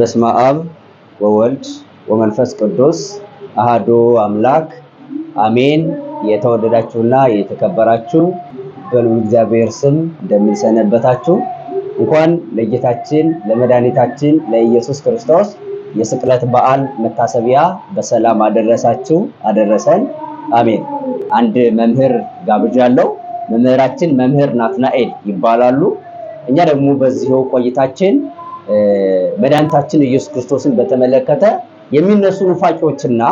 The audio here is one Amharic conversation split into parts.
በስመ አብ ወወልድ ወመንፈስ ቅዱስ አሃዱ አምላክ አሜን። የተወደዳችሁና የተከበራችሁ በልዑል እግዚአብሔር ስም እንደምንሰነበታችሁ እንኳን ለጌታችን ለመድኃኒታችን ለኢየሱስ ክርስቶስ የስቅለት በዓል መታሰቢያ በሰላም አደረሳችሁ አደረሰን፣ አሜን። አንድ መምህር ጋብዣለሁ። መምህራችን መምህር ናትናኤል ይባላሉ። እኛ ደግሞ በዚሁ ቆይታችን መድኃኒታችን ኢየሱስ ክርስቶስን በተመለከተ የሚነሱ ኑፋቄዎችና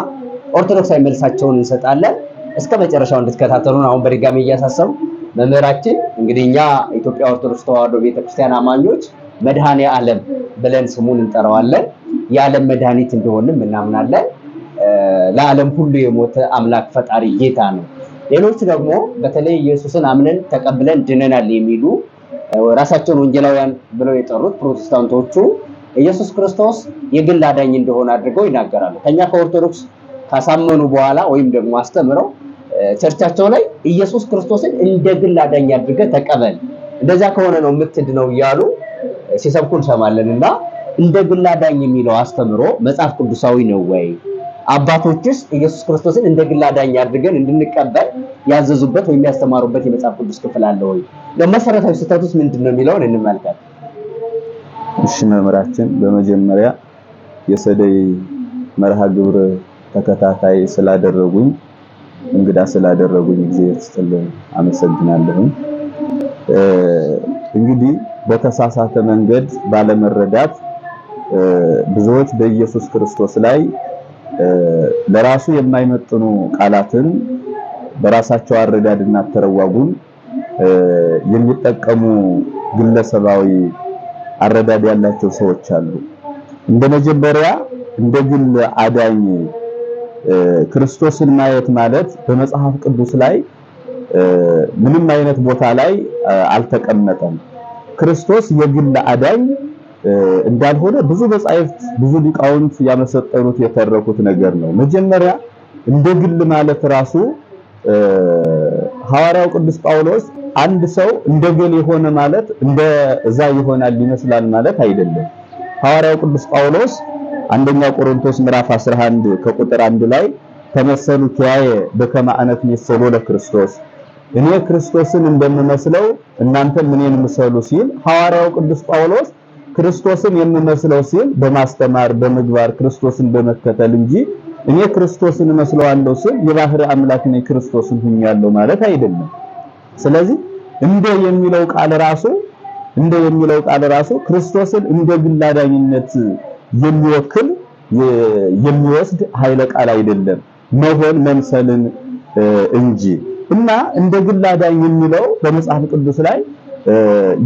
ኦርቶዶክሳዊ መልሳቸውን እንሰጣለን። እስከ መጨረሻው እንድትከታተሉን አሁን በድጋሚ እያሳሰቡ መምህራችን እንግዲህ እኛ ኢትዮጵያ ኦርቶዶክስ ተዋህዶ ቤተክርስቲያን አማኞች መድኃኔ ዓለም ብለን ስሙን እንጠራዋለን። የዓለም መድኃኒት እንደሆንም እናምናለን። ለዓለም ሁሉ የሞተ አምላክ ፈጣሪ ጌታ ነው። ሌሎች ደግሞ በተለይ ኢየሱስን አምነን ተቀብለን ድነናል የሚሉ ራሳቸውን ወንጌላውያን ብለው የጠሩት ፕሮቴስታንቶቹ ኢየሱስ ክርስቶስ የግል አዳኝ እንደሆነ አድርገው ይናገራሉ። ከኛ ከኦርቶዶክስ ካሳመኑ በኋላ ወይም ደግሞ አስተምረው ቸርቻቸው ላይ ኢየሱስ ክርስቶስን እንደ ግል አዳኝ አድርገህ ተቀበል፣ እንደዚያ ከሆነ ነው የምትድነው እያሉ ሲሰብኩ እንሰማለን እና እንደ ግል አዳኝ የሚለው አስተምሮ መጽሐፍ ቅዱሳዊ ነው ወይ? አባቶችስ ኢየሱስ ክርስቶስን እንደ ግል አዳኝ አድርገን እንድንቀበል ያዘዙበት ወይም ያስተማሩበት የመጽሐፍ ቅዱስ ክፍል አለ ወይ? መሰረታዊ ስህተቱስ ምንድን ነው የሚለውን እንመልከት። እሺ መምህራችን፣ በመጀመሪያ የሰደይ መርሃ ግብር ተከታታይ ስላደረጉኝ እንግዳ ስላደረጉኝ እግዚአብሔር ይስጥልኝ፣ አመሰግናለሁ። እንግዲህ በተሳሳተ መንገድ ባለመረዳት ብዙዎች በኢየሱስ ክርስቶስ ላይ ለራሱ የማይመጥኑ ቃላትን በራሳቸው አረዳድና ተረዋጉን የሚጠቀሙ ግለሰባዊ አረዳድ ያላቸው ሰዎች አሉ። እንደመጀመሪያ እንደ ግል አዳኝ ክርስቶስን ማየት ማለት በመጽሐፍ ቅዱስ ላይ ምንም አይነት ቦታ ላይ አልተቀመጠም። ክርስቶስ የግል አዳኝ እንዳልሆነ ብዙ መጻሕፍት ብዙ ሊቃውንት ያመሰጠኑት የተረኩት ነገር ነው። መጀመሪያ እንደ ግል ማለት ራሱ ሐዋርያው ቅዱስ ጳውሎስ አንድ ሰው እንደ እንደገል የሆነ ማለት እንደ እዛ ይሆናል ይመስላል ማለት አይደለም። ሐዋርያው ቅዱስ ጳውሎስ አንደኛ ቆሮንቶስ ምዕራፍ 11 ከቁጥር 1 ላይ ተመሰሉ ተያየ በከመ አነ እምሰሎ ለክርስቶስ እኔ ክርስቶስን እንደምመስለው እናንተም እኔን ምሰሉ ሲል ሐዋርያው ቅዱስ ጳውሎስ ክርስቶስን የምመስለው ሲል በማስተማር በምግባር ክርስቶስን በመከተል እንጂ እኔ ክርስቶስን እመስለዋለሁ ስል የባህር አምላክ ነኝ ክርስቶስን ሁኛለሁ ማለት አይደለም። ስለዚህ እንደ የሚለው ቃል ራሱ እንደ የሚለው ቃል ራሱ ክርስቶስን እንደ ግል አዳኝነት የሚወክል የሚወስድ ኃይለ ቃል አይደለም መሆን መምሰልን እንጂ እና እንደ ግል አዳኝ የሚለው በመጽሐፍ ቅዱስ ላይ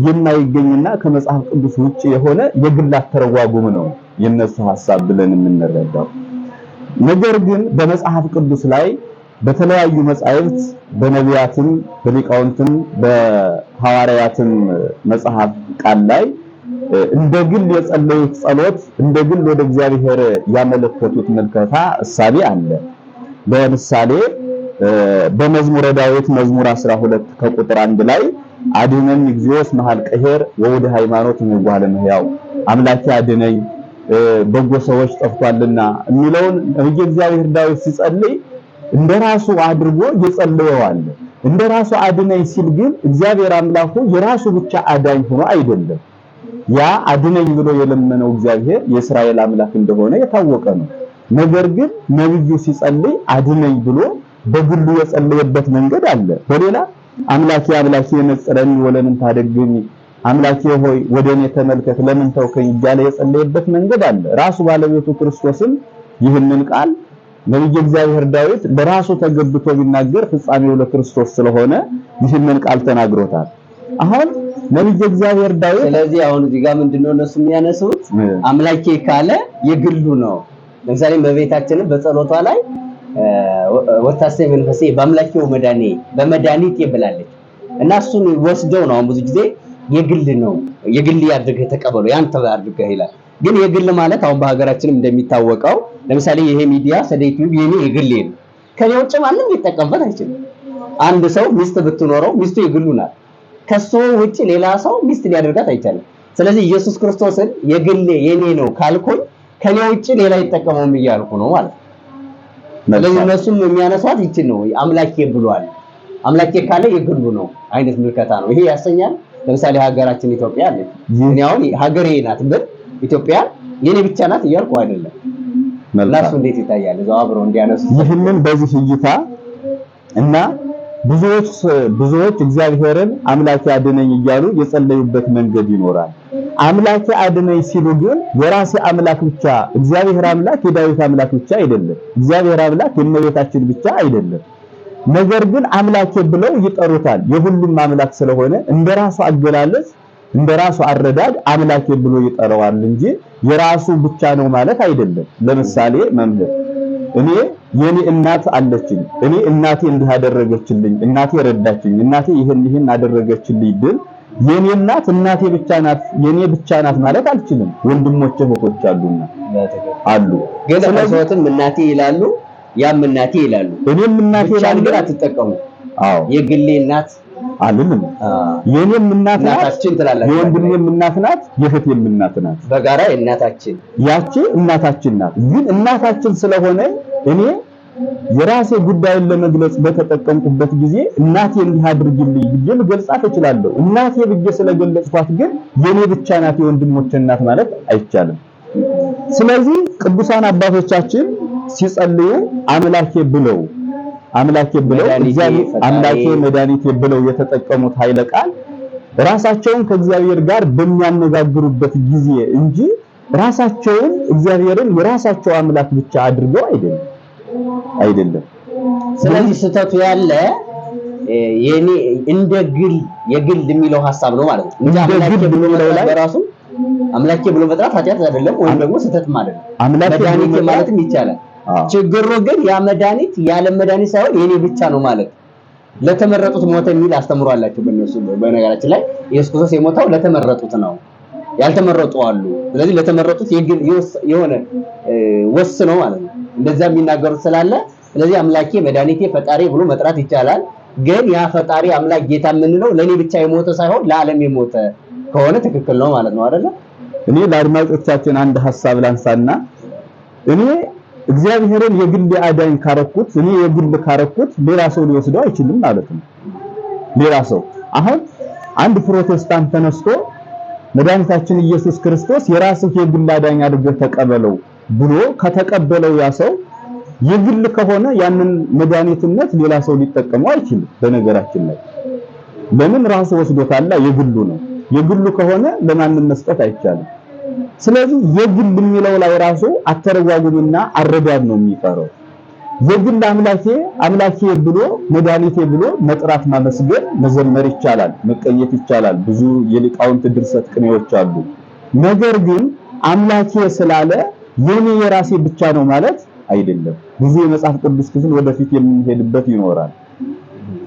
የማይገኝና ከመጽሐፍ ቅዱስ ውጭ የሆነ የግላት ተረጓጉም ነው የነሱ ሐሳብ ብለን የምንረዳው። ነገር ግን በመጽሐፍ ቅዱስ ላይ በተለያዩ መጻሕፍት በነቢያትም በሊቃውንትም በሐዋርያትም መጽሐፍ ቃል ላይ እንደ ግል የጸለዩት ጸሎት እንደ ግል ወደ እግዚአብሔር ያመለከቱት ምልከታ እሳቤ አለ። ለምሳሌ በመዝሙረ ዳዊት መዝሙር 12 ከቁጥር አንድ ላይ አድነኝ እግዚኦስ መሃል ቀሄር ወወደ ሃይማኖት ይጓለ መሕያው አምላኬ አድነኝ በጎ ሰዎች ጠፍቷልና የሚለውን ነብይ እግዚአብሔር ዳዊት ሲጸልይ እንደራሱ አድርጎ ይጸልየዋል። እንደራሱ አድነኝ ሲል ግን እግዚአብሔር አምላኩ የራሱ ብቻ አዳኝ ሆኖ አይደለም። ያ አድነኝ ብሎ የለመነው እግዚአብሔር የእስራኤል አምላክ እንደሆነ የታወቀ ነው። ነገር ግን ነብዩ ሲጸልይ አድነኝ ብሎ በግሉ የጸለየበት መንገድ አለ በሌላ አምላኬ አምላኬ መጽረኒ ወለምን ታደግኝ አምላኬ ሆይ ወደ እኔ ተመልከት ለምን ተውከኝ እያለ የጸለየበት መንገድ አለ። ራሱ ባለቤቱ ክርስቶስም ይህንን ቃል ነቢየ እግዚአብሔር ዳዊት በራሱ ተገብቶ ቢናገር ፍጻሜው ለክርስቶስ ስለሆነ ይህንን ቃል ተናግሮታል። አሁን ነቢየ እግዚአብሔር ዳዊት ስለዚህ አሁን እዚህ ጋር ምንድነው እነሱ የሚያነሱት አምላኬ ካለ የግሉ ነው። ለምሳሌ በቤታችንም በጸሎቷ ላይ ወታሰ መንፈሴ በአምላኬው መዳኔ በመድኃኒቴ ብላለች እና እሱን ወስደው ነው አሁን ብዙ ጊዜ የግል ነው የግል ያድርገህ ተቀበሉ ያንተ አድርገህ ይላል። ግን የግል ማለት አሁን በሀገራችንም እንደሚታወቀው ለምሳሌ ይሄ ሚዲያ ሰደዩቲዩብ የኔ የግሌ ነው፣ ከኔ ውጭ ማንም ሊጠቀምበት አይችልም። አንድ ሰው ሚስት ብትኖረው ሚስቱ የግሉ ናት። ከሱ ውጭ ሌላ ሰው ሚስት ሊያደርጋት አይቻልም። ስለዚህ ኢየሱስ ክርስቶስን የግሌ የኔ ነው ካልኩኝ ከኔ ውጭ ሌላ ይጠቀመውም እያልኩ ነው ማለት ነው። ስለዚህ እነሱም የሚያነሷት ይቺ ነው። አምላኬ ብሏል። አምላኬ ካለ የግሉ ነው አይነት ምልከታ ነው። ይሄ ያሰኛል። ለምሳሌ ሀገራችን ኢትዮጵያ አለ። እኔ አሁን ሀገሬ ናት ብል ኢትዮጵያ የኔ ብቻ ናት እያልኩ አይደለም። ለሱ እንዴት ይታያል? እዛው አብረው እንዲያነሱ ይህንን በዚህ እይታ እና ብዙዎች ብዙዎች እግዚአብሔርን አምላኬ አድነኝ እያሉ የጸለዩበት መንገድ ይኖራል። አምላኬ አድነኝ ሲሉ ግን የራሴ አምላክ ብቻ እግዚአብሔር አምላክ የዳዊት አምላክ ብቻ አይደለም፣ እግዚአብሔር አምላክ የእመቤታችን ብቻ አይደለም። ነገር ግን አምላኬ ብለው ይጠሩታል። የሁሉም አምላክ ስለሆነ እንደራሱ አገላለጽ እንደራሱ አረዳድ አምላኬ ብሎ ይጠራዋል እንጂ የራሱ ብቻ ነው ማለት አይደለም። ለምሳሌ መምህር እኔ የኔ እናት አለችኝ፣ እኔ እናቴ እንዲህ አደረገችልኝ፣ እናቴ ረዳችኝ፣ እናቴ ይህን ይህን አደረገችልኝ ብል የኔ እናት እናቴ ብቻ ናት፣ የኔ ብቻ ናት ማለት አልችልም። ወንድሞቼ እህቶች አሉና አሉ። ግን ሰውትም እናቴ ይላሉ፣ ያም እናቴ ይላሉ፣ እኔም እናቴ ይላሉ። ግን አትጠቀሙ። አዎ የግሌ እናት አልልም። የኔም እናት እናታችን ትላላችሁ፣ የወንድሜም እናት ናት፣ የእህቴም እናት ናት። በጋራ እናታችን ያቺ እናታችን ናት። ግን እናታችን ስለሆነ እኔ የራሴ ጉዳይን ለመግለጽ በተጠቀምኩበት ጊዜ እናቴ እንዲህ አድርግልኝ ብዬ ልገልጻት እችላለሁ። እናቴ ብዬ ስለገለጽኳት ግን የኔ ብቻ ናት የወንድሞች እናት ማለት አይቻልም። ስለዚህ ቅዱሳን አባቶቻችን ሲጸልዩ አምላኬ ብለው አምላኬ ብለው እግዚአብሔር አምላኬ መድኃኒቴ ብለው የተጠቀሙት ኃይለ ቃል ራሳቸውን ከእግዚአብሔር ጋር በሚያነጋግሩበት ጊዜ እንጂ ራሳቸውን እግዚአብሔርን የራሳቸው አምላክ ብቻ አድርገው አይደለም። አይደለም። ስለዚህ ስህተቱ ያለ የኔ እንደ ግል የግል የሚለው ሀሳብ ነው ማለት ነው። እንደ ግል የሚለው ላይ በራሱ አምላኬ ብሎ መጥራት ኃጢአት አይደለም ወይም ደግሞ ስህተትም አይደለም። መድኃኒቴ ማለትም ይቻላል። ችግሩ ግን ያ መድኃኒት ያለ መድኃኒት ሳይሆን የኔ ብቻ ነው ማለት ለተመረጡት ሞተ የሚል አስተምሮ አላቸው በእነሱ። በነገራችን ላይ ኢየሱስ ክርስቶስ የሞተው ለተመረጡት ነው፣ ያልተመረጡ አሉ። ስለዚህ ለተመረጡት የሆነ ነው ማለት ነው እንደዛ የሚናገሩት ስላለ ስለዚህ አምላኬ መድኃኒቴ ፈጣሪ ብሎ መጥራት ይቻላል። ግን ያ ፈጣሪ አምላክ ጌታ የምንለው ለእኔ ብቻ የሞተ ሳይሆን ለዓለም የሞተ ከሆነ ትክክል ነው ማለት ነው አይደለ? እኔ ለአድማጮቻችን አንድ ሀሳብ ላንሳና እኔ እግዚአብሔርን የግል አዳኝ ካረኩት እኔ የግል ካረኩት ሌላ ሰው ሊወስደው አይችልም ማለት ነው። ሌላ ሰው አሁን አንድ ፕሮቴስታንት ተነስቶ መድኃኒታችን ኢየሱስ ክርስቶስ የራስህ የግል አዳኝ አድርገህ ተቀበለው ብሎ ከተቀበለው ያ ሰው የግል ከሆነ ያንን መድኃኒትነት ሌላ ሰው ሊጠቀመው አይችልም። በነገራችን ላይ ለምን ራሱ ወስዶታላ፣ የግሉ ነው። የግሉ ከሆነ ለማንም መስጠት አይቻልም። ስለዚህ የግል የሚለው ላይ ራሱ አተረጓጉምና አረዳድ ነው የሚቀረው። የግል አምላኬ አምላኬ ብሎ መድኃኒቴ ብሎ መጥራት፣ ማመስገን፣ መዘመር ይቻላል፣ መቀኘት ይቻላል። ብዙ የሊቃውንት ድርሰት ቅኔዎች አሉ። ነገር ግን አምላኬ ስላለ የኔ የራሴ ብቻ ነው ማለት አይደለም። ብዙ የመጽሐፍ ቅዱስ ክፍል ወደፊት የምንሄድበት ይኖራል።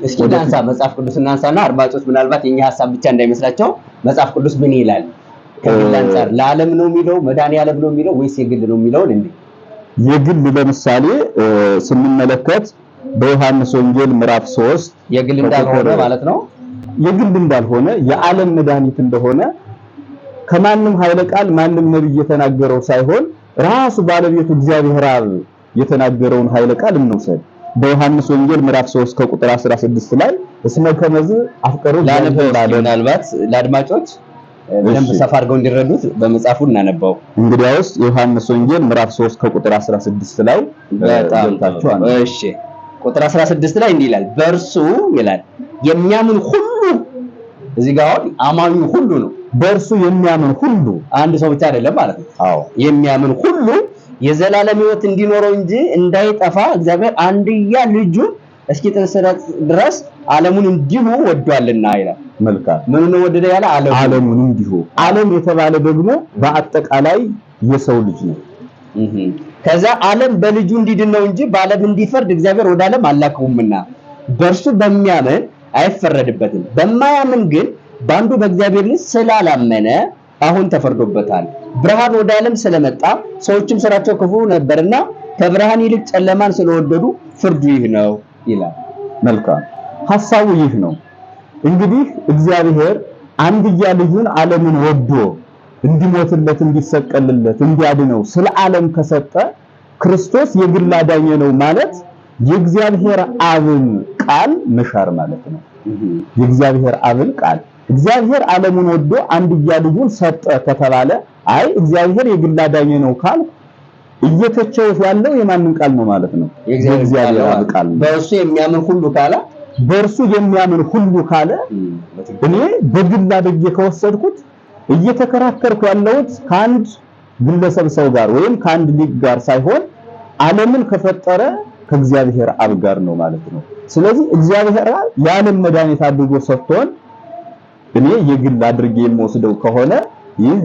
እስኪ እናንሳ፣ መጽሐፍ ቅዱስ እናንሳና አድማጮች ምናልባት የኛ ሀሳብ ብቻ እንዳይመስላቸው መጽሐፍ ቅዱስ ምን ይላል? ከግል አንጻር ለዓለም ነው የሚለው መድኃኒዓለም ነው የሚለው ወይስ የግል ነው የሚለውን እንዴ የግል ለምሳሌ ስንመለከት በዮሐንስ ወንጌል ምዕራፍ 3 የግል እንዳልሆነ ማለት ነው። የግል እንዳልሆነ የዓለም መድኃኒት እንደሆነ ከማንም ኃይለ ቃል ማንም ነብይ የተናገረው ሳይሆን ራስ ባለቤቱ እግዚአብሔር አብ የተናገረውን ኃይለ ቃል እንውሰድ። በዮሐንስ ወንጌል ምዕራፍ 3 ከቁጥር 16 ላይ እስመ ከመዝ አፍቀሩ ምናልባት ለአድማጮች በደንብ ሰፋ አድርገው እንዲረዱት በመጽሐፉ እናነባው። እንግዲያውስ ዮሐንስ ወንጌል ምዕራፍ 3 ከቁጥር 16 ላይ እሺ፣ ቁጥር 16 ላይ እንዲህ ይላል፣ በእርሱ ይላል የሚያምን ሁሉ እዚህ ጋር አሁን አማኙ ሁሉ ነው በእርሱ የሚያምን ሁሉ አንድ ሰው ብቻ አይደለም ማለት ነው። አዎ የሚያምን ሁሉ የዘላለም ሕይወት እንዲኖረው እንጂ እንዳይጠፋ እግዚአብሔር አንድያ ልጁን እስኪጥል ድረስ ዓለሙን እንዲሁ ወዷልና ይላል። መልካም ምን ወደደ ያለ ዓለሙን እንዲሁ። ዓለም የተባለ ደግሞ በአጠቃላይ የሰው ልጅ ነው። ከዛ ዓለም በልጁ እንዲድን ነው እንጂ በዓለም እንዲፈርድ እግዚአብሔር ወደ ዓለም አላከውምና በእርሱ በሚያምን አይፈረድበትም። በማያምን ግን በአንዱ በእግዚአብሔር ልጅ ስላላመነ አሁን ተፈርዶበታል። ብርሃን ወደ ዓለም ስለመጣ ሰዎችም ስራቸው ክፉ ነበርና ከብርሃን ይልቅ ጨለማን ስለወደዱ ፍርዱ ይህ ነው ይላል። መልካም ሐሳቡ ይህ ነው። እንግዲህ እግዚአብሔር አንድያ ልጁን ዓለምን ወዶ እንዲሞትለት፣ እንዲሰቀልለት፣ እንዲያድነው ስለ ዓለም ከሰጠ ክርስቶስ የግል አዳኝ ነው ማለት የእግዚአብሔር አብን ቃል መሻር ማለት ነው። የእግዚአብሔር አብን ቃል እግዚአብሔር ዓለሙን ወዶ አንድያ ልጁን ሰጠ ከተባለ አይ እግዚአብሔር የግል አዳኝ ነው ካል እየተቸው ያለው የማንን ቃል ነው ማለት ነው? የእግዚአብሔር ቃል ነው። በእርሱ የሚያምን ሁሉ ካለ በእርሱ የሚያምን ሁሉ ካለ እኔ በግል አድርጌ ከወሰድኩት እየተከራከርኩ ያለሁት ከአንድ ግለሰብ ሰው ጋር ወይም ከአንድ ሊግ ጋር ሳይሆን ዓለምን ከፈጠረ ከእግዚአብሔር አብ ጋር ነው ማለት ነው። ስለዚህ እግዚአብሔር ያለም መድኃኒት አድርጎ ሰጥቶን እኔ የግል አድርጌ የምወስደው ከሆነ ይህ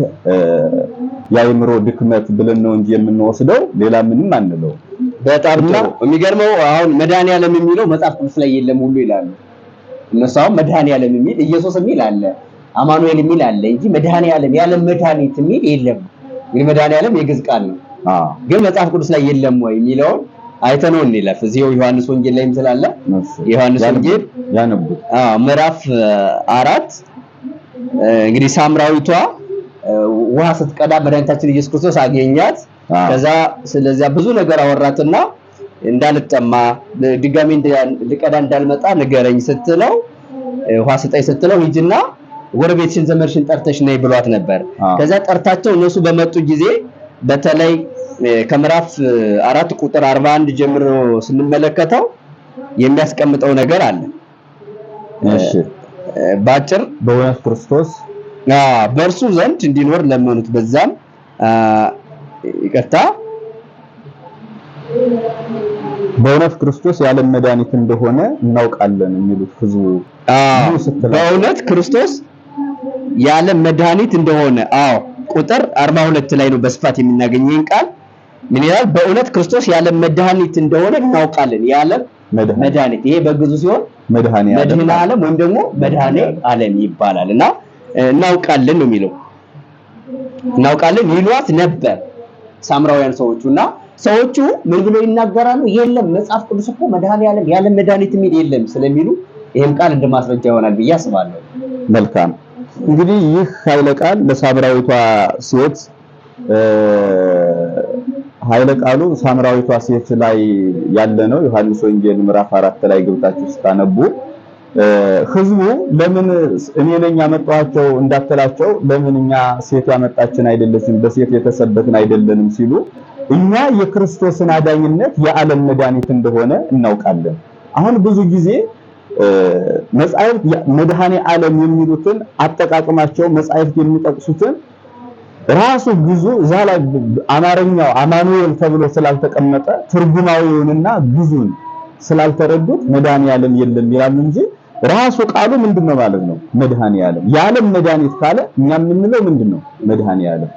የአእምሮ ድክመት ብለን ነው እንጂ የምንወስደው ሌላ ምንም አንለው። በጣም ጥሩ። የሚገርመው አሁን መድኃኒዓለም የሚለው መጽሐፍ ቅዱስ ላይ የለም ሁሉ ይላሉ እነሱ። አሁን መድኃኒዓለም የሚል ኢየሱስ የሚል አለ፣ አማኑኤል የሚል አለ እንጂ መድኃኒዓለም የዓለም መድኃኒት የሚል የለም። እንግዲህ መድኃኒዓለም የግዕዝ ቃል ነው፣ ግን መጽሐፍ ቅዱስ ላይ የለም ወይ የሚለውን አይተነው እንለፍ። እዚው ዮሐንስ ወንጌል ላይም ስላለ ዮሐንስ ወንጌል ያነቡት ምዕራፍ አራት እንግዲህ ሳምራዊቷ ውሃ ስትቀዳ መድኃኒታችን ኢየሱስ ክርስቶስ አገኛት። ከዛ ስለዚያ ብዙ ነገር አወራትና እንዳልጠማ ድጋሚ ልቀዳ እንዳልመጣ ንገረኝ ስትለው ውሃ ስጠኝ ስትለው ሂጂና ጎረቤትሽን ዘመድሽን ጠርተሽ ነይ ብሏት ነበር። ከዛ ጠርታቸው እነሱ በመጡ ጊዜ በተለይ ከምዕራፍ አራት ቁጥር 41 ጀምሮ ስንመለከተው የሚያስቀምጠው ነገር አለ። ባጭር በእውነት ክርስቶስ በእርሱ ዘንድ እንዲኖር ለመኑት። በዛም ይቅርታ በእውነት ክርስቶስ የዓለም መድኃኒት እንደሆነ እናውቃለን የሚሉት ህዝቡ በእውነት ክርስቶስ የዓለም መድኃኒት እንደሆነ አዎ፣ ቁጥር 42 ላይ ነው በስፋት የምናገኘን ቃል ምን ይላል? በእውነት ክርስቶስ የዓለም መድኃኒት እንደሆነ እናውቃለን። የዓለም መድኃኒት ይሄ በግዙ ሲሆን መድህን ዓለም ወይም ደግሞ መድኃኔ ዓለም ይባላል እና እናውቃለን ነው የሚለው እናውቃለን ይሏት ነበር ሳምራውያን ሰዎቹ እና ሰዎቹ ምን ብለው ይናገራሉ? የለም መጽሐፍ ቅዱስ እኮ መድኃኔ ዓለም ያለ መድኃኒት የሚል የለም ስለሚሉ ይህም ቃል እንደ ማስረጃ ይሆናል ብዬ አስባለሁ። መልካም እንግዲህ ይህ ኃይለ ቃል ለሳምራዊቷ ሴት ኃይለ ቃሉ ሳምራዊቷ ሴት ላይ ያለ ነው። ዮሐንስ ወንጌል ምዕራፍ አራት ላይ ገብታችሁ ስታነቡ ህዝቡ ለምን እኔ ነኝ ያመጣኋቸው እንዳትላቸው ለምን እኛ ሴት ያመጣችን አይደለችም በሴት የተሰበትን አይደለንም ሲሉ እኛ የክርስቶስን አዳኝነት የዓለም መድኃኒት እንደሆነ እናውቃለን። አሁን ብዙ ጊዜ መጻሕፍት መድኃኔ ዓለም የሚሉትን አጠቃቅማቸው መጻሕፍት የሚጠቅሱትን ራሱ ብዙ እዛ ላይ አማርኛው አማኑኤል ተብሎ ስላልተቀመጠ ትርጉማዊውንና ብዙን ስላልተረዱት መድኃኔ ዓለም የለም ይላሉ እንጂ ራሱ ቃሉ ምንድነው ማለት ነው? መድኃኔ ዓለም የዓለም መድኃኒት ካለ እኛ የምንለው ምንድነው? መድኃኔ ዓለም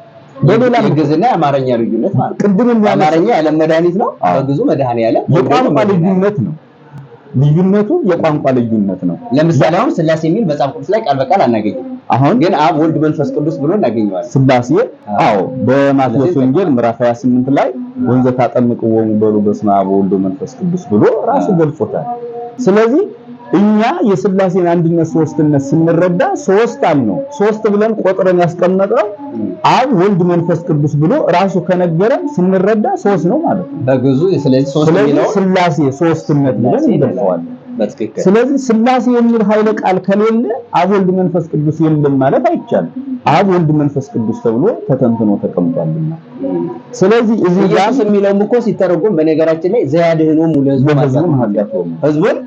በሌላ ግዕዝና የአማርኛ ልዩነት ማለት ቅድም የአማርኛ የዓለም መድኃኒት ነው፣ በግዕዙ መድኃኔ ዓለም የቋንቋ ልዩነት ነው። ልዩነቱ የቋንቋ ልዩነት ነው። ለምሳሌ አሁን ሥላሴ የሚል መጽሐፍ ቅዱስ ላይ ቃል በቃል አናገኝም። አሁን ግን አብ ወልድ መንፈስ ቅዱስ ብሎ እናገኘዋለን። ስላሴ አዎ፣ በማቴዎስ ወንጌል ምዕራፍ 28 ላይ ወንዘ ታጠምቅዎሙ ወንበሩ በስመ አብ ወልድ መንፈስ ቅዱስ ብሎ ራሱ ገልጾታል። ስለዚህ እኛ የስላሴን አንድነት ሶስትነት ስንረዳ ሶስት አል ነው ሶስት ብለን ቆጥረን ያስቀመጠው አብ ወልድ መንፈስ ቅዱስ ብሎ ራሱ ከነገረን ስንረዳ ሶስት ነው ማለት ነው። በግዙ ስለዚህ ሶስት ነው። ስላሴ ሶስትነት ብለን ይገልጸዋል። ስለዚህ ስላሴ የሚል ኃይለ ቃል ከሌለ አብ ወልድ መንፈስ ቅዱስ የለም ማለት አይቻልም። አብ ወልድ መንፈስ ቅዱስ ተብሎ ተተንትኖ ተቀምጧልና ስለዚህ እዚህ ጋር የሚለውም እኮ ሲተረጎም በነገራችን ላይ ማለት ነው ሕዝቡን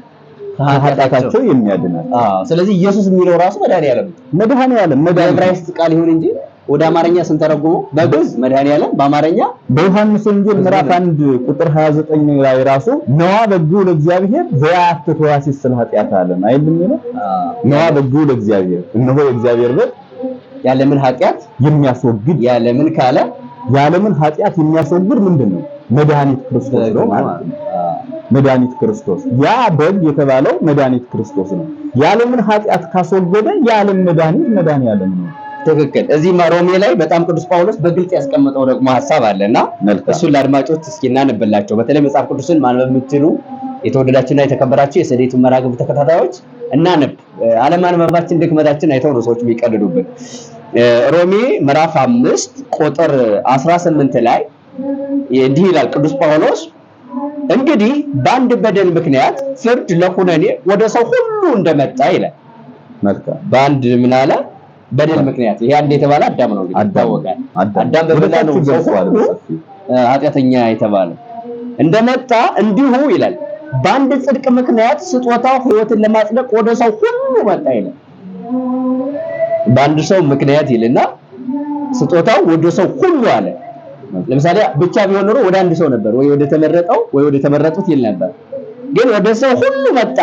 ከኃጢአታቸው የሚያድናል። ስለዚህ ኢየሱስ የሚለው ራሱ መድኃኔ ዓለም መድኃኔ ዓለም መድኃኔ ዕብራይስጥ ቃል ይሁን እንጂ ወደ አማርኛ ስንተረጉመው በግዕዝ መድኃኒዓለም በአማርኛ በዮሐንስ ወንጌል ምዕራፍ 1 ቁጥር 29 ላይ ራሱ ነዋ በግዑ ለእግዚአብሔር ዘያት ወያሲት ስለ ኃጢአት ዓለም አይልም የሚለው ነዋ በግዑ ለእግዚአብሔር እነሆ የእግዚአብሔር በግ ያለምን ኃጢአት የሚያስወግድ ያለምን ካለ ያለምን ኃጢአት የሚያስወግድ ምንድን ነው? መድኃኒት ክርስቶስ ነው ማለት ነው። መድኃኒት ክርስቶስ ያ በግ የተባለው መድኃኒት ክርስቶስ ነው። ያለምን ኃጢአት ካስወገደ ያለም መድኃኒት መድኃኒዓለም ነው። ትክክል። እዚህ ሮሜ ላይ በጣም ቅዱስ ጳውሎስ በግልጽ ያስቀመጠው ደግሞ ሀሳብ አለ እና እሱን ለአድማጮች እስኪ እናንብላቸው። በተለይ መጽሐፍ ቅዱስን ማንበብ የምትችሉ የተወደዳችሁና የተከበራችሁ የስደቱ መራግብ ተከታታዮች እናንብ። አለማንበባችን ድክመታችን አይተው ነው ሰዎች የሚቀልዱብን። ሮሜ ምዕራፍ አምስት ቁጥር አስራ ስምንት ላይ እንዲህ ይላል ቅዱስ ጳውሎስ እንግዲህ በአንድ በደል ምክንያት ፍርድ ለኩነኔ ወደ ሰው ሁሉ እንደመጣ ይላል። በአንድ ምን አለ በደል ምክንያት ይሄ አንድ የተባለ አዳም ነው። ይታወቃል። አዳም በበላ ነው ኃጢአተኛ የተባለ እንደመጣ እንዲሁ ይላል። በአንድ ጽድቅ ምክንያት ስጦታው ህይወትን ለማጽደቅ ወደ ሰው ሁሉ መጣ ይላል። በአንድ ሰው ምክንያት ይልና ስጦታው ወደ ሰው ሁሉ አለ። ለምሳሌ ብቻ ቢሆን ኖሮ ወደ አንድ ሰው ነበር ወይ ወደ ተመረጠው ወይ ወደ ተመረጡት ይል ነበር። ግን ወደ ሰው ሁሉ መጣ።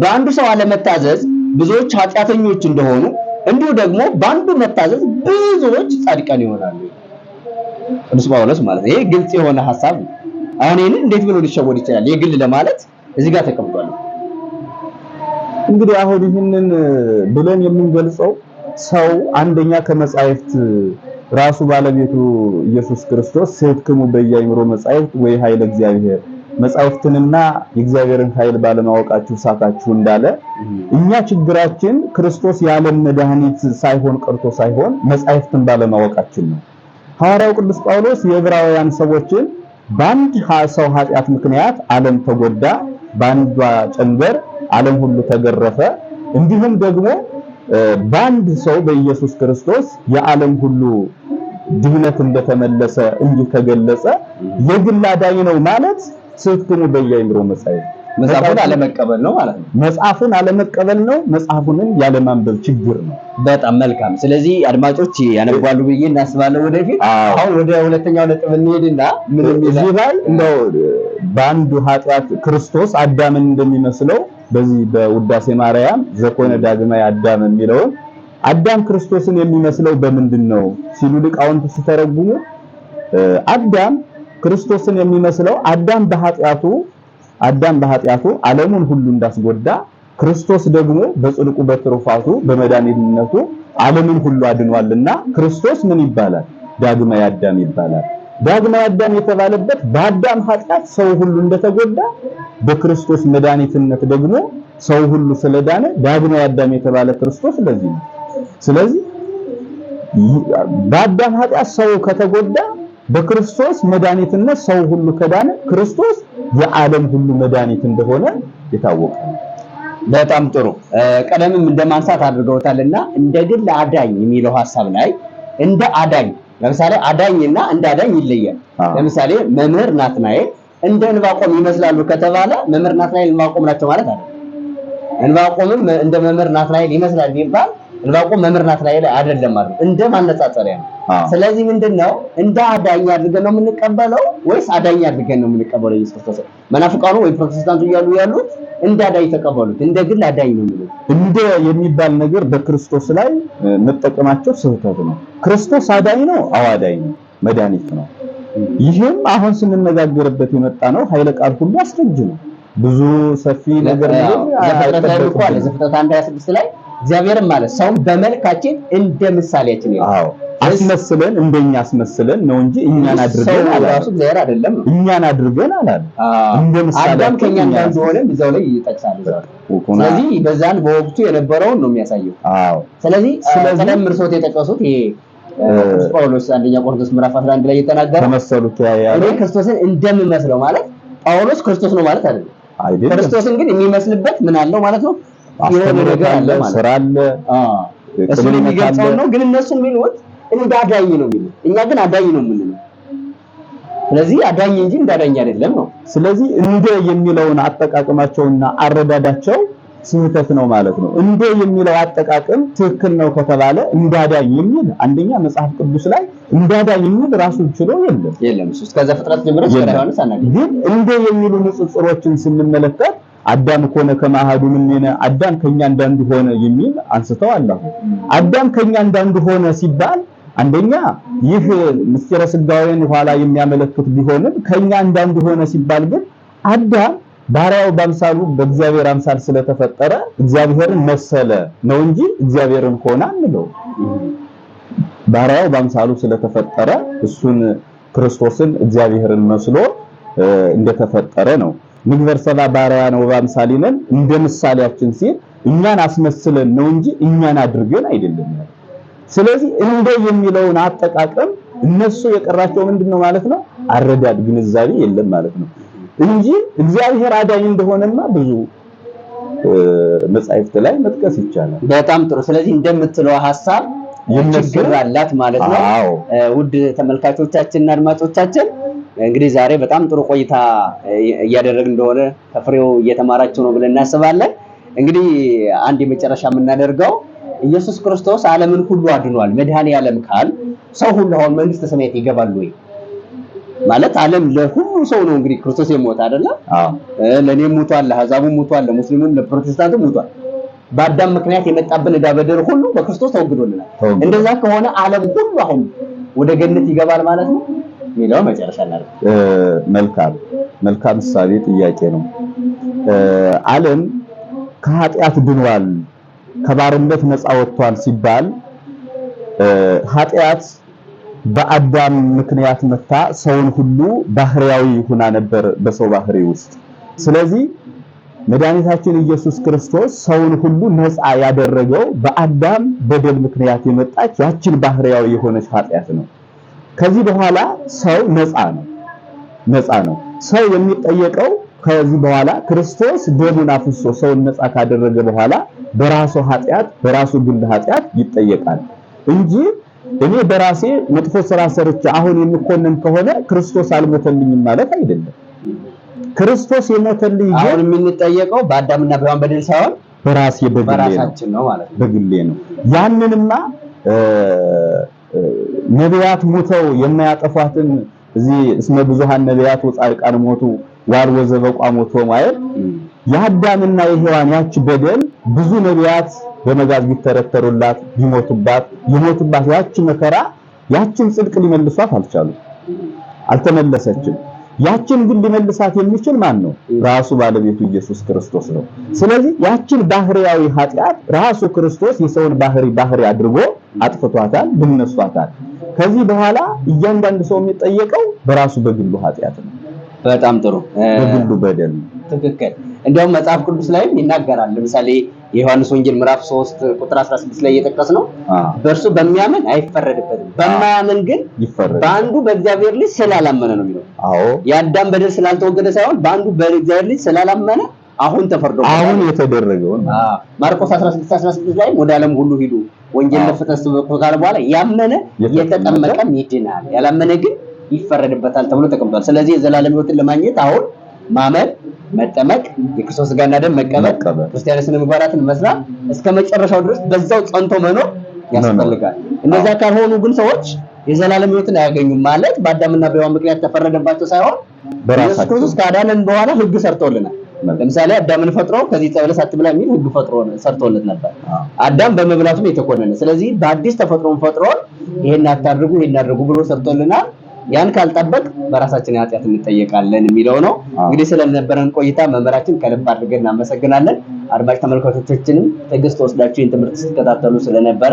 በአንዱ ሰው አለመታዘዝ ብዙዎች ኃጢአተኞች እንደሆኑ እንዲሁ ደግሞ በአንዱ መታዘዝ ብዙዎች ጻድቃን ይሆናሉ። ቅዱስ ጳውሎስ ማለት ነው። ይሄ ግልጽ የሆነ ሐሳብ ነው። አሁን ይሄን እንዴት ብሎ ሊሸወድ ይችላል? የግል ለማለት እዚህ ጋር ተቀምጧል። እንግዲህ አሁን ይህንን ብለን የምንገልጸው ሰው አንደኛ ከመጻሕፍት ራሱ ባለቤቱ ኢየሱስ ክርስቶስ ስሕትክሙ በየአእምሮ መጻሕፍት ወይ ኃይለ እግዚአብሔር መጻሕፍትንና የእግዚአብሔርን ኃይል ባለማወቃችሁ ሳታችሁ እንዳለ እኛ ችግራችን ክርስቶስ የዓለም መድኃኒት ሳይሆን ቀርቶ ሳይሆን መጻሕፍትን ባለማወቃችን ነው። ሐዋርያው ቅዱስ ጳውሎስ የዕብራውያን ሰዎችን በአንድ ሰው ኃጢአት ምክንያት ዓለም ተጎዳ፣ በአንዷ ጨንገር ዓለም ሁሉ ተገረፈ፣ እንዲሁም ደግሞ በአንድ ሰው በኢየሱስ ክርስቶስ የዓለም ሁሉ ድህነት እንደተመለሰ እንዲህ ተገለጸ። የግል አዳኝ ነው ማለት ስልክ በየአይምሮ መጻፍ መጽሐፉን አለመቀበል ነው ማለት ነው። መጽሐፉን አለመቀበል ነው። መጽሐፉንም ያለማንበብ ችግር ነው። በጣም መልካም። ስለዚህ አድማጮች ያነባሉ ብዬ እናስባለን። ወደፊት አሁን ወደ ሁለተኛው ነጥብ እንሄድና ምንም ይላል እንደው በአንዱ ኃጢአት ክርስቶስ አዳምን እንደሚመስለው በዚህ በውዳሴ ማርያም ዘኮነ ዳግማይ አዳም የሚለውን አዳም ክርስቶስን የሚመስለው በምንድን ነው ሲሉ ሊቃውንት ሲተረጉሙ አዳም ክርስቶስን የሚመስለው አዳም በኃጢያቱ አዳም በኃጢያቱ ዓለሙን ሁሉ እንዳስጎዳ ክርስቶስ ደግሞ በጽድቁ በትሩፋቱ በመድኃኒትነቱ ዓለምን ሁሉ አድኗልና ክርስቶስ ምን ይባላል? ዳግማዊ አዳም ይባላል። ዳግማዊ አዳም የተባለበት በአዳም ኃጢያት ሰው ሁሉ እንደተጎዳ በክርስቶስ መድኃኒትነት ደግሞ ሰው ሁሉ ስለዳነ ዳግማዊ አዳም የተባለ ክርስቶስ ለዚህ ነው። ስለዚህ በአዳም ኃጢያት ሰው ከተጎዳ በክርስቶስ መድኃኒትነት ሰው ሁሉ ከዳነ ክርስቶስ የዓለም ሁሉ መድኃኒት እንደሆነ የታወቀ በጣም ጥሩ። ቀደምም እንደማንሳት አድርገውታልና እንደ ግል አዳኝ የሚለው ሀሳብ ላይ እንደ አዳኝ ለምሳሌ አዳኝና እንደ አዳኝ ይለያል። ለምሳሌ መምህር ናትናኤል እንደ እንባቆም ይመስላሉ ከተባለ መምህር ናትናኤል እንባቆም ናቸው ማለት አይደለም። እንባቆምም እንደ መምህር ናትናኤል ይመስላል ቢባል ዕንባቆም መምህር ናትናኤል አይደለም ማለት ነው፣ እንደ ማነጻጸሪያ ነው። ስለዚህ ምንድነው እንደ አዳኝ አድርገን ነው የምንቀበለው ወይስ አዳኝ አድርገን ነው የምንቀበለው? ኢየሱስ ክርስቶስ መናፍቃኑ ወይ ፕሮቴስታንቱ እያሉ ያሉት እንደ አዳኝ ተቀበሉት፣ እንደ ግል አዳኝ ነው የሚሉት። እንደ የሚባል ነገር በክርስቶስ ላይ መጠቀማቸው ስህተት ነው። ክርስቶስ አዳኝ ነው፣ አዎ አዳኝ ነው፣ መድኃኒት ነው። ይህም አሁን ስንነጋገርበት የመጣ ነው። ኃይለ ቃል ሁሉ አስረጅ ነው። ብዙ ሰፊ ነገር ነው። ዘፍጥረት ላይ እግዚአብሔር ማለት ሰውም በመልካችን እንደ ምሳሌያችን ይሆናል። አስመስለን እንደኛ አስመስለን ነው እንጂ እኛን አድርገን አላለም። ራሱ እግዚአብሔር አይደለም እኛን አድርገን አላለም። እንደ ምሳሌ አዳም ከኛ እንዳልሆነ እዛው ላይ ይጠቅሳል። ስለዚህ በዛን በወቅቱ የነበረውን ነው የሚያሳየው። አዎ ስለዚህ ቀደም እርሶት የጠቀሱት ይሄ ጳውሎስ አንደኛ ቆሮንቶስ ምዕራፍ 11 ላይ የተናገረ ተመሰሉት ያያ እኔ ክርስቶስን እንደምመስለው ማለት ጳውሎስ ክርስቶስ ነው ማለት አይደለም። ክርስቶስን ግን የሚመስልበት ምን አለው ማለት ነው አስተምሮት ስራ አለ። እሱ የሚገልጸው ነው። ግን እነሱ የሚሉት እንዳዳኝ ነው የሚሉት፣ እኛ ግን አዳኝ ነው የምንለው። ስለዚህ አዳኝ እንጂ እንዳዳኝ አይደለም ነው። ስለዚህ እንደ የሚለውን አጠቃቀማቸውና አረዳዳቸው ስህተት ነው ማለት ነው። እንደ የሚለው አጠቃቀም ትክክል ነው ከተባለ እንዳዳኝ የሚል አንደኛ መጽሐፍ ቅዱስ ላይ እንዳዳኝ የሚል ራሱን ችሎ የለም የለም። እሱ ከዛ ጀምሮ ግን እንደ የሚሉ ንጽጽሮችን ስንመለከት አዳም ከሆነ ከማሃዱ ምኔነ አዳም ከኛ እንዳንዱ ሆነ የሚል አንስተው አላሁ። አዳም ከኛ እንዳንዱ ሆነ ሲባል አንደኛ ይህ ምስጢረ ስጋዌን ኋላ የሚያመለክት ቢሆንም ከኛ እንዳንዱ ሆነ ሲባል ግን አዳም ባሪያው በአምሳሉ በእግዚአብሔር አምሳል ስለተፈጠረ እግዚአብሔርን መሰለ ነው እንጂ እግዚአብሔርን ሆነ አንለው። ባሪያው በአምሳሉ ስለተፈጠረ እሱን ክርስቶስን እግዚአብሔርን መስሎ እንደተፈጠረ ነው። ምግበር ሰባ ባሪያዋን ወበአምሳሊነን እንደ ምሳሌያችን ሲል እኛን አስመስለን ነው እንጂ እኛን አድርገን አይደለም። ስለዚህ እንደ የሚለውን አጠቃቀም እነሱ የቀራቸው ምንድነው ማለት ነው? አረዳድ ግንዛቤ የለም ማለት ነው እንጂ እግዚአብሔር አዳኝ እንደሆነማ ብዙ መጻሕፍት ላይ መጥቀስ ይቻላል። በጣም ጥሩ። ስለዚህ እንደምትለው ሐሳብ ችግር አላት ማለት ነው። ውድ ተመልካቾቻችንና አድማጮቻችን እንግዲህ ዛሬ በጣም ጥሩ ቆይታ እያደረግን እንደሆነ ከፍሬው እየተማራችሁ ነው ብለን እናስባለን። እንግዲህ አንድ የመጨረሻ የምናደርገው ኢየሱስ ክርስቶስ ዓለምን ሁሉ አድኗል። መድኃኔ ዓለም ካል ሰው ሁሉ አሁን መንግስተ ሰማያት ይገባሉ ወይ ማለት ዓለም ለሁሉ ሰው ነው እንግዲህ ክርስቶስ የሞተ አይደለ? አዎ ለኔም ሙቷል፣ ለአሕዛቡም ሙቷል፣ ለሙስሊሙም ለፕሮቴስታንቱም ሙቷል። በአዳም ምክንያት የመጣብን ዕዳ በደር ሁሉ በክርስቶስ ተወግዶልናል። እንደዛ ከሆነ ዓለም ሁሉ አሁን ወደ ገነት ይገባል ማለት ነው። የሚለው መጨረሻ እናደርግ። መልካም መልካም እሳቤ ጥያቄ ነው። ዓለም ከኃጢአት ድኗል፣ ከባርነት ነፃ ወጥቷል ሲባል ኃጢአት በአዳም ምክንያት መታ ሰውን ሁሉ ባህሪያዊ ሆና ነበር በሰው ባህሪ ውስጥ። ስለዚህ መድኃኒታችን ኢየሱስ ክርስቶስ ሰውን ሁሉ ነፃ ያደረገው በአዳም በደል ምክንያት የመጣች ያችን ባህሪያዊ የሆነች ኃጢአት ነው። ከዚህ በኋላ ሰው ነፃ ነው፣ ነፃ ነው። ሰው የሚጠየቀው ከዚህ በኋላ ክርስቶስ ደሙን አፍሶ ሰውን ነፃ ካደረገ በኋላ በራሱ ኃጢአት፣ በራሱ ግል ኃጢአት ይጠየቃል እንጂ እኔ በራሴ መጥፎ ስራ ሰርቼ አሁን የምኮንን ከሆነ ክርስቶስ አልሞተልኝም ማለት አይደለም። ክርስቶስ የሞተልኝ አሁን የምንጠየቀው በአዳምና በሔዋን በደል ሳይሆን በራሴ በግሌ ነው፣ ማለት በግሌ ነው። ያንንማ ነቢያት ሙተው የማያጠፏትን እዚህ እስመ ብዙሃን ነቢያት ወጻድቃን ሞቱ ዋልወ ዘበቋ ሞቶ ማለት የአዳምና የሔዋን ያች በደል ብዙ ነቢያት በመጋዝ ቢተረተሩላት ቢሞቱባት ይሞቱባት ያች መከራ ያችን ጽድቅ ሊመልሷት አልቻሉ አልተመለሰችም። ያችን ግን ሊመልሳት የሚችል ማን ነው? ራሱ ባለቤቱ ኢየሱስ ክርስቶስ ነው። ስለዚህ ያችን ባህሪያዊ ኃጢአት ራሱ ክርስቶስ የሰውን ባህሪ ባህሪ አድርጎ አጥፍቷታል፣ ብነሷታል። ከዚህ በኋላ እያንዳንዱ ሰው የሚጠየቀው በራሱ በግሉ ኃጢአት ነው። በጣም ጥሩ። በግሉ በደል ነው። ትክክል። እንዲያውም መጽሐፍ ቅዱስ ላይም ይናገራል። ለምሳሌ የዮሐንስ ወንጌል ምዕራፍ 3 ቁጥር 16 ላይ እየጠቀስ ነው። በእርሱ በሚያምን አይፈረድበትም፣ በማያምን ግን በአንዱ በእግዚአብሔር ልጅ ስላላመነ ነው የሚለው። አዎ የአዳም በደል ስላልተወገደ ሳይሆን በአንዱ በእግዚአብሔር ልጅ ስላላመነ አሁን ተፈርዶ አሁን ነው። ማርቆስ 16 16 ላይ ወደ ዓለም ሁሉ ሂዱ ወንጌል ለፍጥረት ስበኩ ካለ በኋላ ያመነ የተጠመቀም ይድናል፣ ያላመነ ግን ይፈረድበታል ተብሎ ተቀምጧል። ስለዚህ የዘላለም ሕይወትን ለማግኘት አሁን ማመን፣ መጠመቅ፣ የክርስቶስ ስጋና ደም መቀበል፣ ክርስቲያን ስነ ምግባራትን መስራት እስከ መጨረሻው ድረስ በዛው ጸንቶ መኖር ያስፈልጋል። እንደዛ ካልሆኑ ግን ሰዎች የዘላለም ሕይወትን አያገኙም። ማለት በአዳምና በሔዋን ምክንያት ተፈረደባቸው ሳይሆን በራሳቸው ክርስቶስ ከአዳነን በኋላ ህግ ሰርቶልናል። ለምሳሌ አዳምን ፈጥሮ ከዚህ ተበለስ አትብላ የሚል ህግ ፈጥሮ ሰርቶለት ነበር። አዳም በመብላቱ ነው የተኮነነ። ስለዚህ በአዲስ ተፈጥሮን ፈጥሮን ይሄን አታድርጉ ይሄን አድርጉ ብሎ ሰርቶልናል። ያን ካልጠበቅ በራሳችን ኃጢአት እንጠየቃለን የሚለው ነው። እንግዲህ ስለነበረን ቆይታ መምህራችን ከልብ አድርገን እናመሰግናለን። አድማጭ ተመልካቾቻችንም ትዕግስት ወስዳችሁ ትምህርት ስትከታተሉ ስለነበረ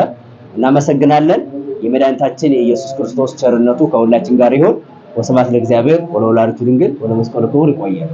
እናመሰግናለን። የመድኃኒታችን የኢየሱስ ክርስቶስ ቸርነቱ ከሁላችን ጋር ይሆን ወስብሐት ለእግዚአብሔር ወለወላዲቱ ድንግል ወለመስቀሉ ክቡር። ይቆያል።